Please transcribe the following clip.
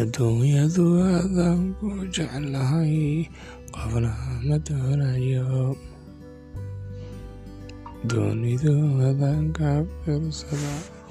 الدنيا ذو عذاب وجعلها قبل مدهنا يوم دوني ذو عذاب كافر سلام